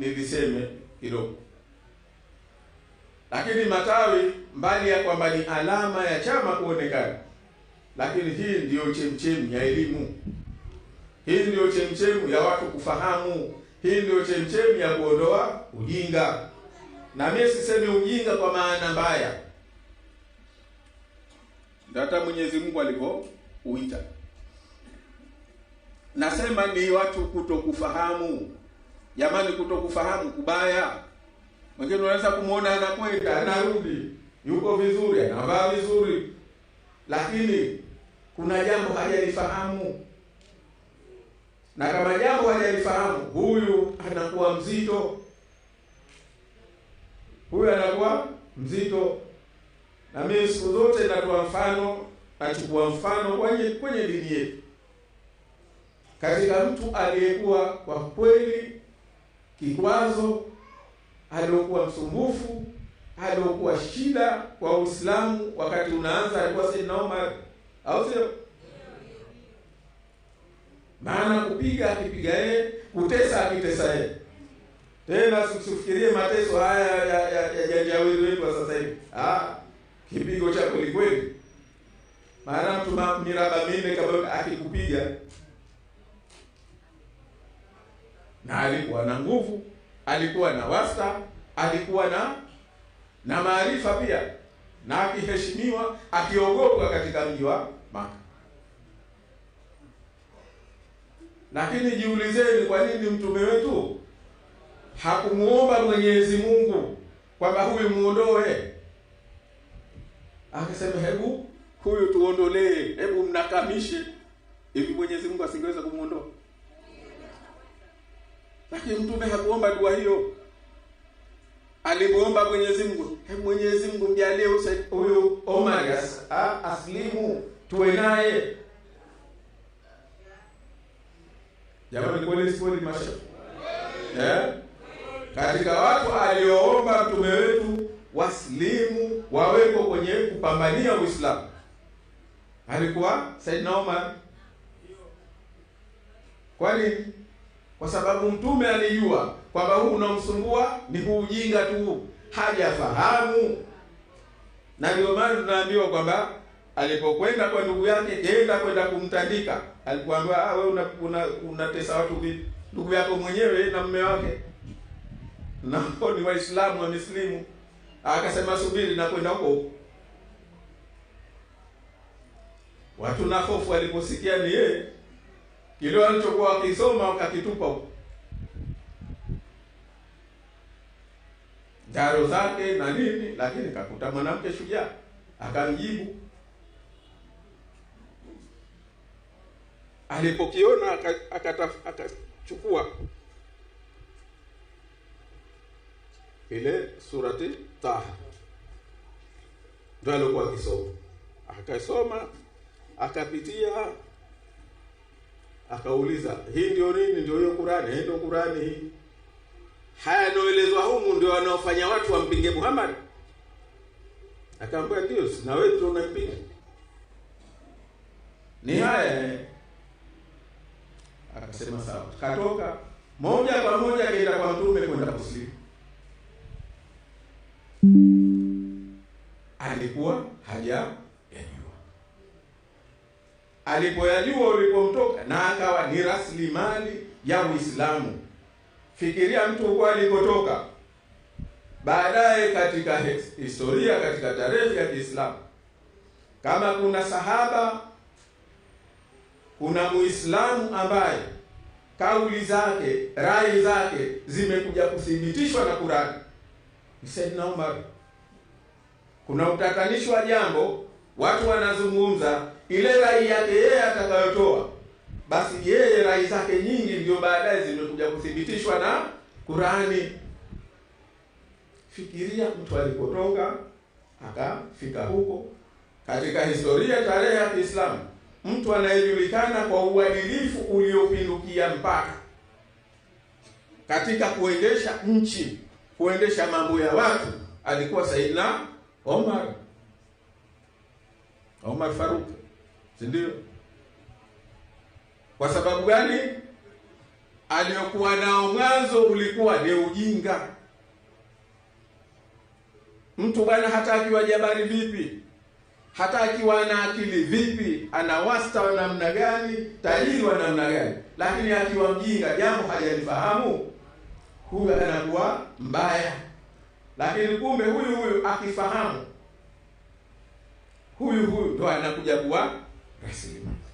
niliseme hilo. Lakini matawi mbali ya kwamba ni alama ya chama kuonekana, lakini hii ndiyo chemchemu ya elimu, hii ndiyo chemchemu ya watu kufahamu, hii ndiyo chemchemu ya kuondoa ujinga. Na mimi sisemi ujinga kwa maana mbaya, hata Mwenyezi Mungu uita nasema ni watu kutokufahamu Jamani, kutokufahamu kubaya. Mwingine unaweza kumwona anakwenda anarudi, yuko vizuri, anavaa vizuri, lakini kuna jambo hajalifahamu, na kama jambo hajalifahamu, huyu anakuwa mzito, huyu anakuwa mzito. Na mimi siku zote natoa mfano, nachukua mfano kwenye kwenye dini yetu, katika mtu aliyekuwa kwa kweli kikwazo, aliokuwa msumbufu, aliokuwa shida kwa Uislamu wakati unaanza alikuwa Sayyidina Omar, au sio? Maana kupiga akipiga yeye, kutesa akitesa yeye. Tena sikufikirie mateso haya ya ya janjawili wetu wa sasa hivi, ah, kipigo cha kweli kweli. Maana mtu miraba mimi kama akikupiga na alikuwa na nguvu, alikuwa na wasa, alikuwa na na maarifa pia, na akiheshimiwa, akiogopwa katika mji wa Maka. Lakini jiulizeni, kwa nini mtume wetu hakumuomba Mwenyezi Mungu kwamba huyu muondoe? Akasema, hebu huyu tuondolee, hebu mnakamishe. Hivi Mwenyezi Mungu asingeweza kumuondoa? lakini Mtume hakuomba dua hiyo. Alimuomba Mwenyezi Mungu, Mwenyezi Mungu mjalie huyu Omar aslimu, tuwe naye. Jamani, kweli si kweli? Masha eh, katika watu alioomba mtume wetu waslimu waweko kwenye kupambania Uislamu alikuwa Saidina Omar. kwani kwa sababu mtume alijua kwamba huu unamsumbua ni huu ujinga tu, hajafahamu. Na ndio maana tunaambiwa kwamba alipokwenda kwa ndugu yake, kenda kwenda kumtandika, alikuambiwa ah, wewe una, una, unatesa watu vipi? Ndugu yako mwenyewe na mume wake nao ni Waislamu wa wamesilimu. Akasema subiri na kwenda huko. Watu na hofu waliposikia ni yeye kile walichokuwa wakisoma wakakitupa huko, daro zake na nini, lakini kakuta mwanamke shujaa akamjibu. Alipokiona akachukua ile surati Taha ndo alikuwa akisoma, akasoma akapitia akauliza hii ndio nini? Ndio hiyo Qurani? Hii ndio Qurani hii? Haya yanayoelezwa humu ndio wanaofanya watu wampinge Muhammad? Akaambia ndio, na wewe ndio unampinga. Ni haya. Akasema sawa, katoka moja kwa moja akaenda kwa mtume kwenda kusilimu. Alikuwa haja alipoyajua ulipomtoka na akawa ni rasilimali ya Uislamu. Fikiria mtu huko alikotoka, baadaye katika historia, katika tarehe ya Kiislamu, kama kuna sahaba, kuna Muislamu ambaye kauli zake, rai zake zimekuja kuthibitishwa na Qur'an, ni Saidina Umar. Kuna utatanishi wa jambo, watu wanazungumza ile rai yake yeye atakayotoa, basi yeye rai zake nyingi ndio baadaye zimekuja kuthibitishwa na Qur'ani. Fikiria mtu alipotoka akafika huko. Katika historia tarehe ya Kiislamu, mtu anayejulikana kwa uadilifu uliopindukia mpaka katika kuendesha nchi, kuendesha mambo ya watu, alikuwa Saidna Omar Omar Faruk si ndio? Kwa sababu gani? Aliyokuwa nao mwanzo ulikuwa ni ujinga. Mtu bwana, hata akiwa jabari vipi, hata akiwa na akili vipi, ana wasta wa namna gani, tajiri wa namna gani, lakini akiwa mjinga, jambo hajalifahamu, huyu anakuwa mbaya. Lakini kumbe huyu huyu akifahamu, huyu huyu ndo anakuja kuwa Merci.